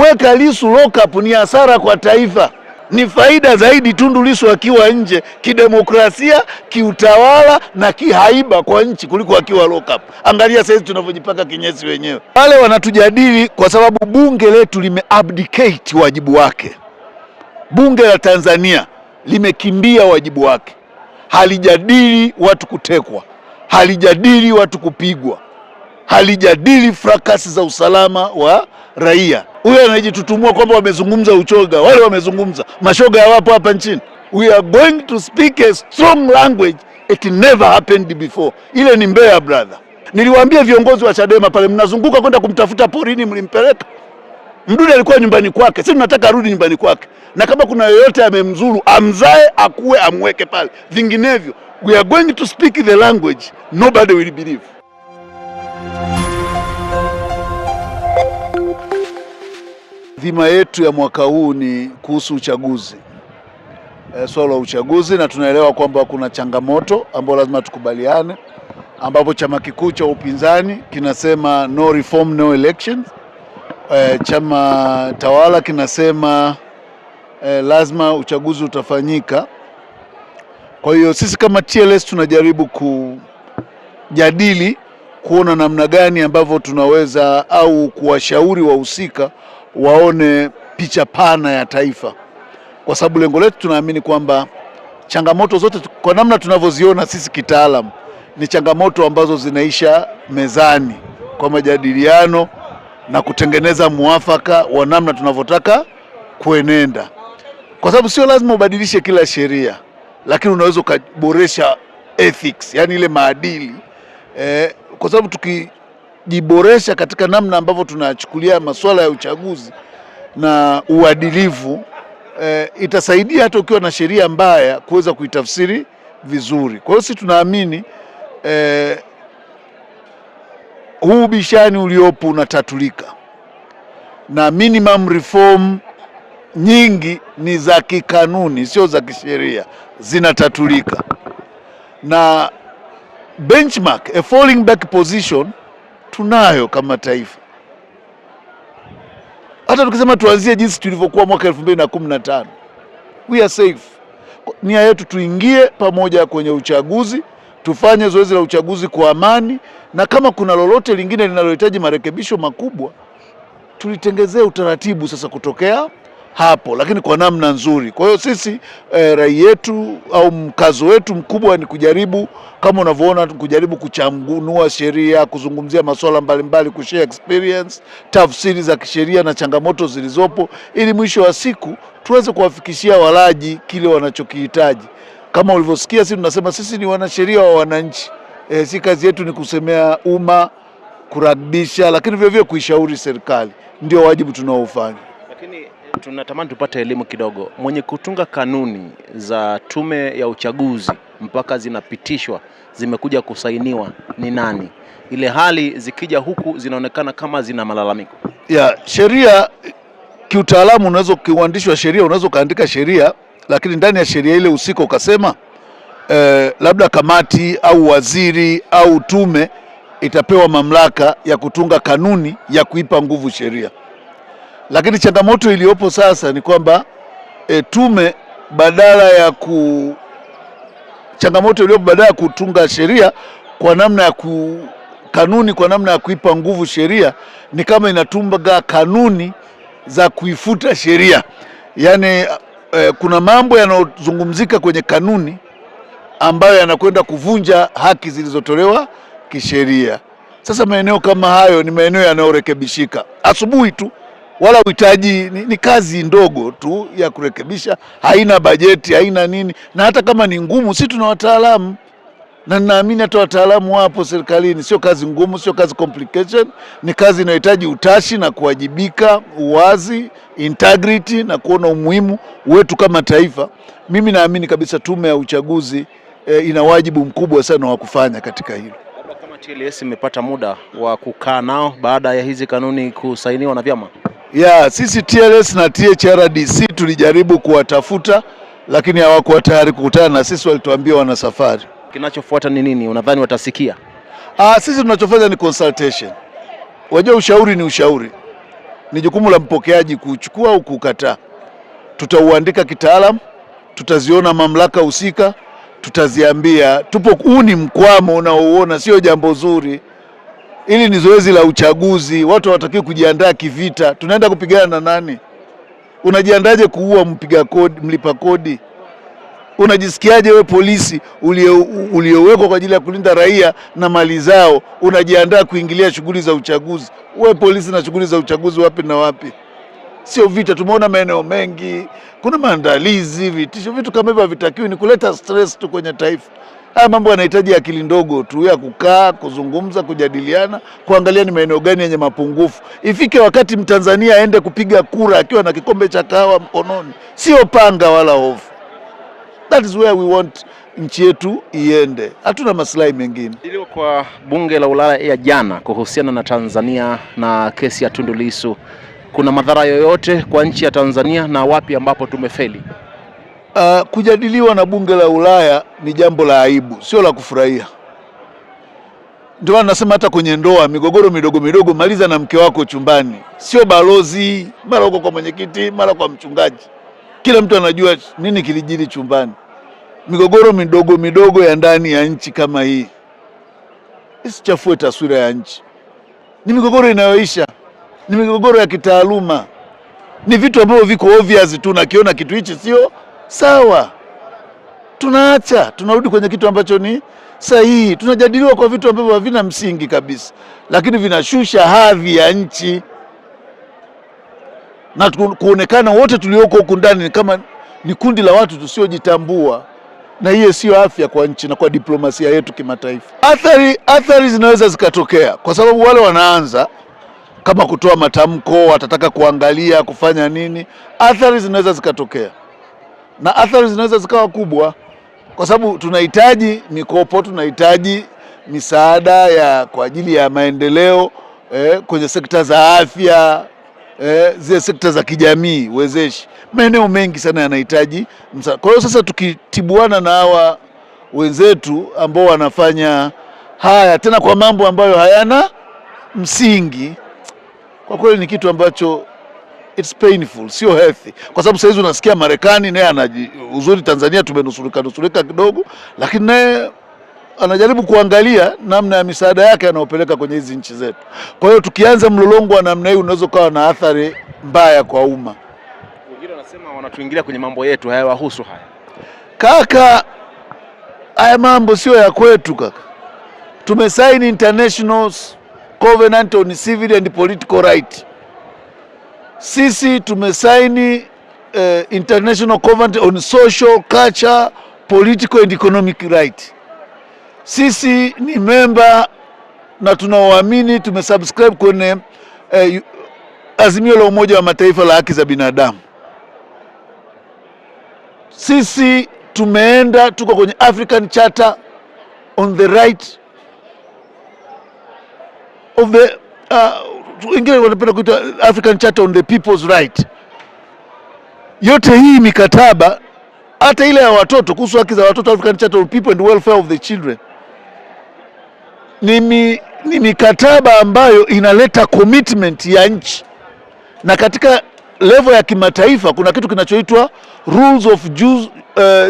Kuweka lisu lockup ni hasara kwa taifa, ni faida zaidi Tundu lisu akiwa nje kidemokrasia, kiutawala na kihaiba kwa nchi kuliko akiwa lockup. Angalia sasa tunavyojipaka kinyesi wenyewe. Wale wanatujadili kwa sababu bunge letu limeabdicate wajibu wake. Bunge la Tanzania limekimbia wajibu wake, halijadili watu kutekwa, halijadili watu kupigwa halijadili frakasi za usalama wa raia. Huyo anajitutumua kwamba wamezungumza uchoga, wale wamezungumza mashoga, wapo hapa nchini. We are going to speak a strong language it never happened before. Ile ni Mbeya brother. Niliwaambia viongozi wa Chadema pale, mnazunguka kwenda kumtafuta porini, mlimpeleka Mdude alikuwa nyumbani kwake, si tunataka arudi nyumbani kwake, na kama kuna yoyote amemzuru amzae, akuwe amweke pale, vinginevyo we are going to speak the language nobody will believe. Dhima yetu ya mwaka huu ni kuhusu uchaguzi, e, swala la uchaguzi, na tunaelewa kwamba kuna changamoto ambayo lazima tukubaliane, ambapo chama kikuu cha upinzani kinasema no reform, no elections. E, chama tawala kinasema e, lazima uchaguzi utafanyika. Kwa hiyo sisi kama TLS tunajaribu kujadili kuona namna gani ambavyo tunaweza au kuwashauri wahusika waone picha pana ya taifa, kwa sababu lengo letu tunaamini kwamba changamoto zote kwa namna tunavyoziona sisi kitaalam ni changamoto ambazo zinaisha mezani kwa majadiliano na kutengeneza muafaka wa namna tunavyotaka kuenenda, kwa sababu sio lazima ubadilishe kila sheria, lakini unaweza ukaboresha ethics, yani ile maadili eh, kwa sababu tuki kujiboresha katika namna ambavyo tunachukulia masuala ya uchaguzi na uadilifu e, itasaidia hata ukiwa na sheria mbaya kuweza kuitafsiri vizuri. Kwa hiyo sisi tunaamini e, huu bishani uliopo unatatulika na minimum reform nyingi ni za kikanuni, sio za kisheria, zinatatulika na benchmark, a falling back position tunayo kama taifa. Hata tukisema tuanzie jinsi tulivyokuwa mwaka elfu mbili na kumi na tano we are safe. Nia yetu tuingie pamoja kwenye uchaguzi, tufanye zoezi la uchaguzi kwa amani, na kama kuna lolote lingine linalohitaji marekebisho makubwa tulitengezee utaratibu sasa kutokea hapo, lakini kwa namna nzuri. Kwa hiyo sisi e, rai yetu au mkazo wetu mkubwa ni kujaribu kama unavyoona, kujaribu kuchangunua sheria, kuzungumzia masuala mbalimbali, kushare experience, tafsiri za kisheria na changamoto zilizopo, ili mwisho wa siku tuweze kuwafikishia walaji kile wanachokihitaji. Kama ulivyosikia, sisi tunasema sisi ni wanasheria wa wananchi. E, si kazi yetu ni kusemea umma, kurabisha lakini vilevile kuishauri serikali. Ndio wajibu tunaofanya. Tunatamani tupate elimu kidogo. Mwenye kutunga kanuni za tume ya uchaguzi mpaka zinapitishwa zimekuja kusainiwa ni nani? Ile hali zikija huku zinaonekana kama zina malalamiko ya sheria. Kiutaalamu unaweza ukiuandishwa sheria, unaweza ukaandika sheria, lakini ndani ya sheria ile usiko ukasema eh, labda kamati au waziri au tume itapewa mamlaka ya kutunga kanuni ya kuipa nguvu sheria. Lakini changamoto iliyopo sasa ni kwamba e, tume badala ya ku changamoto iliyopo badala ya kutunga sheria kwa namna ya ku kanuni kwa namna ya kuipa nguvu sheria ni kama inatunga kanuni za kuifuta sheria. Yaani e, kuna mambo yanayozungumzika kwenye kanuni ambayo yanakwenda kuvunja haki zilizotolewa kisheria. Sasa maeneo kama hayo ni maeneo yanayorekebishika. Asubuhi tu wala uhitaji ni, ni kazi ndogo tu ya kurekebisha, haina bajeti, haina nini, na hata kama ni ngumu, si tuna wataalamu na ninaamini hata wataalamu wapo serikalini. Sio kazi ngumu, sio kazi complication, ni kazi inayohitaji utashi na kuwajibika, uwazi, integrity na kuona umuhimu wetu kama taifa. Mimi naamini kabisa tume ya uchaguzi e, ina wajibu mkubwa sana wa kufanya katika hilo. TLS imepata muda wa kukaa nao baada ya hizi kanuni kusainiwa na vyama? Yeah, sisi TLS na THRDC tulijaribu kuwatafuta lakini hawakuwa tayari kukutana na sisi, walituambia wana safari. Kinachofuata ni nini? Unadhani watasikia? Ah, sisi tunachofanya ni consultation. Wajua, ushauri ni ushauri, ni jukumu la mpokeaji kuchukua au kukataa. Tutauandika kitaalamu, tutaziona mamlaka husika tutaziambia tupo. Huu ni mkwamo unaouona, sio jambo zuri. Hili ni zoezi la uchaguzi, watu hawatakiwi kujiandaa kivita. Tunaenda kupigana na nani? Unajiandaje kuua mpiga kodi, mlipa kodi? Unajisikiaje we polisi uliowekwa kwa ajili ya kulinda raia na mali zao, unajiandaa kuingilia shughuli za uchaguzi? We polisi na shughuli za uchaguzi, wapi na wapi? sio vita. Tumeona maeneo mengi kuna maandalizi, vitisho, vitu kama hivyo havitakiwi, ni kuleta stress tu kwenye taifa. Haya mambo yanahitaji akili ndogo tu ya kukaa, kuzungumza, kujadiliana, kuangalia ni maeneo gani yenye mapungufu. Ifike wakati Mtanzania aende kupiga kura akiwa na kikombe cha kahawa mkononi, sio panga wala hofu. That is where we want nchi yetu iende, hatuna maslahi mengine. Ilio kwa bunge la Ulaya ya jana kuhusiana na Tanzania na kesi ya Tundu Lissu kuna madhara yoyote kwa nchi ya Tanzania na wapi ambapo tumefeli? Uh, kujadiliwa na bunge la Ulaya ni jambo la aibu, sio la kufurahia. Ndio maana nasema hata kwenye ndoa, migogoro midogo midogo maliza na mke wako chumbani, sio balozi, mara uko kwa mwenyekiti, mara kwa mchungaji. Kila mtu anajua nini kilijiri chumbani. Migogoro midogo midogo ya ndani ya nchi kama hii isichafue taswira ya nchi, ni migogoro inayoisha ni migogoro ya kitaaluma, ni vitu ambavyo viko obvious tu, nakiona kitu hichi sio sawa, tunaacha tunarudi kwenye kitu ambacho ni sahihi. Tunajadiliwa kwa vitu ambavyo havina msingi kabisa, lakini vinashusha hadhi ya nchi na kuonekana wote tulioko huku ndani kama ni kundi la watu tusiojitambua, na hiyo siyo afya kwa nchi na kwa diplomasia yetu kimataifa. Athari athari zinaweza zikatokea kwa sababu wale wanaanza kama kutoa matamko, watataka kuangalia kufanya nini. Athari zinaweza zikatokea, na athari zinaweza zikawa kubwa, kwa sababu tunahitaji mikopo, tunahitaji misaada ya kwa ajili ya maendeleo eh, kwenye sekta za afya eh, zile sekta za kijamii wezeshi. Maeneo mengi sana yanahitaji msaada. Kwa hiyo sasa tukitibuana na hawa wenzetu ambao wanafanya haya tena kwa mambo ambayo hayana msingi kwa kweli ni kitu ambacho it's painful, sio healthy, kwa sababu saizi unasikia Marekani naye anaji uzuri, Tanzania tumenusurika nusurika kidogo, lakini naye anajaribu kuangalia namna ya misaada yake anayopeleka kwenye hizi nchi zetu. Kwa hiyo tukianza mlolongo wa namna hii unaweza ukawa na athari mbaya kwa umma. Wengine wanasema wanatuingilia kwenye mambo yetu, hayawahusu haya. Kaka, haya mambo sio ya kwetu kaka, tumesaini internationals Covenant on Civil and Political Right. Sisi tumesaini uh, International Covenant on Social, Culture, Political and Economic Right. Sisi ni member na tunaoamini tumesubscribe kwenye uh, azimio la Umoja wa Mataifa la haki za binadamu. Sisi tumeenda tuko kwenye African Charter on the right of the uh, wengine wanapenda kuita African Charter on the People's Right. Yote hii mikataba hata ile ya watoto kuhusu haki za watoto, African Charter on People and Welfare of the Children ni, mi, ni mikataba ambayo inaleta commitment ya nchi, na katika level ya kimataifa kuna kitu kinachoitwa rules of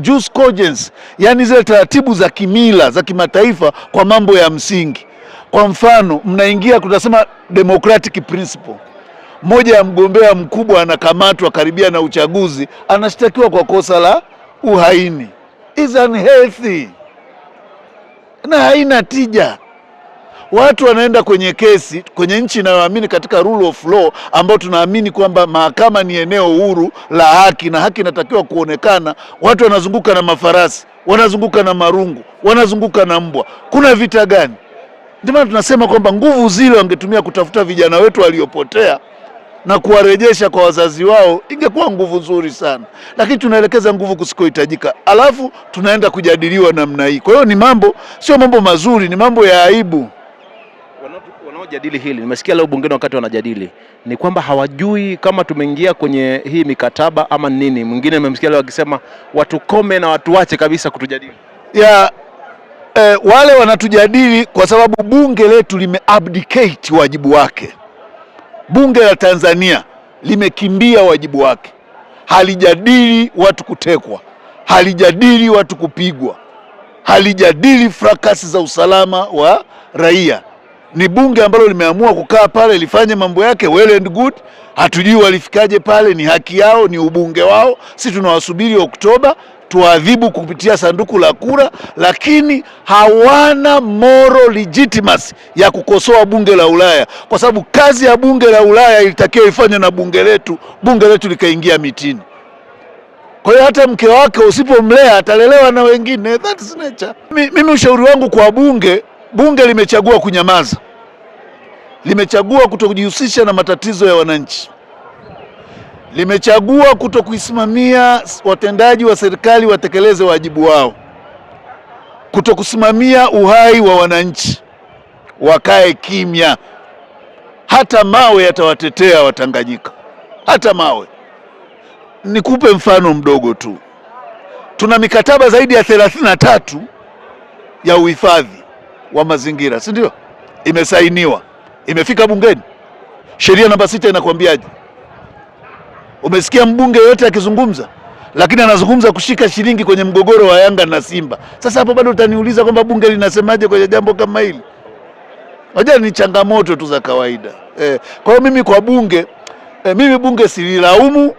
jurisprudence, uh, yani zile taratibu za kimila za kimataifa kwa mambo ya msingi. Kwa mfano, mnaingia tunasema democratic principle. Mmoja ya mgombea mkubwa anakamatwa karibia na uchaguzi, anashtakiwa kwa kosa la uhaini. Is unhealthy na haina tija. Watu wanaenda kwenye kesi kwenye nchi inayoamini katika rule of law, ambao tunaamini kwamba mahakama ni eneo huru la haki na haki inatakiwa kuonekana. Watu wanazunguka na mafarasi, wanazunguka na marungu, wanazunguka na mbwa. Kuna vita gani? Ndio maana tunasema kwamba nguvu zile wangetumia kutafuta vijana wetu waliopotea na kuwarejesha kwa wazazi wao, ingekuwa nguvu nzuri sana, lakini tunaelekeza nguvu kusikohitajika, alafu tunaenda kujadiliwa namna hii. Kwa hiyo ni mambo, sio mambo mazuri, ni mambo ya aibu wanaojadili hili. Nimesikia leo bungeni wakati wanajadili ni kwamba hawajui kama tumeingia kwenye hii mikataba ama nini. Mwingine nimemsikia leo akisema watukome na watuache kabisa kutujadili ya e, wale wanatujadili kwa sababu bunge letu limeabdicate wajibu wake. Bunge la Tanzania limekimbia wajibu wake, halijadili watu kutekwa, halijadili watu kupigwa, halijadili frakasi za usalama wa raia. Ni bunge ambalo limeamua kukaa pale lifanye mambo yake well and good. Hatujui walifikaje pale, ni haki yao, ni ubunge wao, si tunawasubiri Oktoba tuadhibu kupitia sanduku la kura, lakini hawana moral legitimacy ya kukosoa bunge la Ulaya, kwa sababu kazi ya bunge la Ulaya ilitakiwa ifanywe na bunge letu, bunge letu likaingia mitini. Kwa hiyo hata mke wake usipomlea atalelewa na wengine, that's nature. Mimi ushauri wangu kwa bunge, bunge limechagua kunyamaza, limechagua kutojihusisha na matatizo ya wananchi limechagua kutokuisimamia watendaji wa serikali watekeleze wajibu wao, kutokusimamia uhai wa wananchi, wakae kimya. Hata mawe yatawatetea Watanganyika, hata mawe. Nikupe mfano mdogo tu, tuna mikataba zaidi ya thelathini na tatu ya uhifadhi wa mazingira, si ndio? Imesainiwa, imefika bungeni. Sheria namba sita inakwambiaje? Umesikia mbunge yote akizungumza? Lakini anazungumza kushika shilingi kwenye mgogoro wa Yanga na Simba. Sasa hapo bado utaniuliza kwamba bunge linasemaje kwenye jambo kama hili? Wajua ni changamoto tu za kawaida eh. Kwa hiyo mimi kwa bunge eh, mimi bunge sililaumu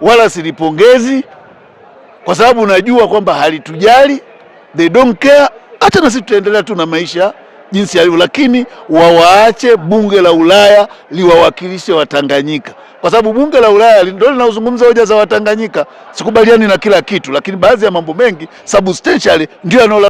wala silipongezi kwa sababu najua kwamba halitujali, they don't care. Hata na sisi tutaendelea tu na maisha jinsi yalivyo, lakini wawaache bunge la Ulaya liwawakilishe Watanganyika, kwa sababu bunge la Ulaya ndio linazungumza hoja za Watanganyika. Sikubaliani na kila kitu, lakini baadhi ya mambo mengi substantially ndio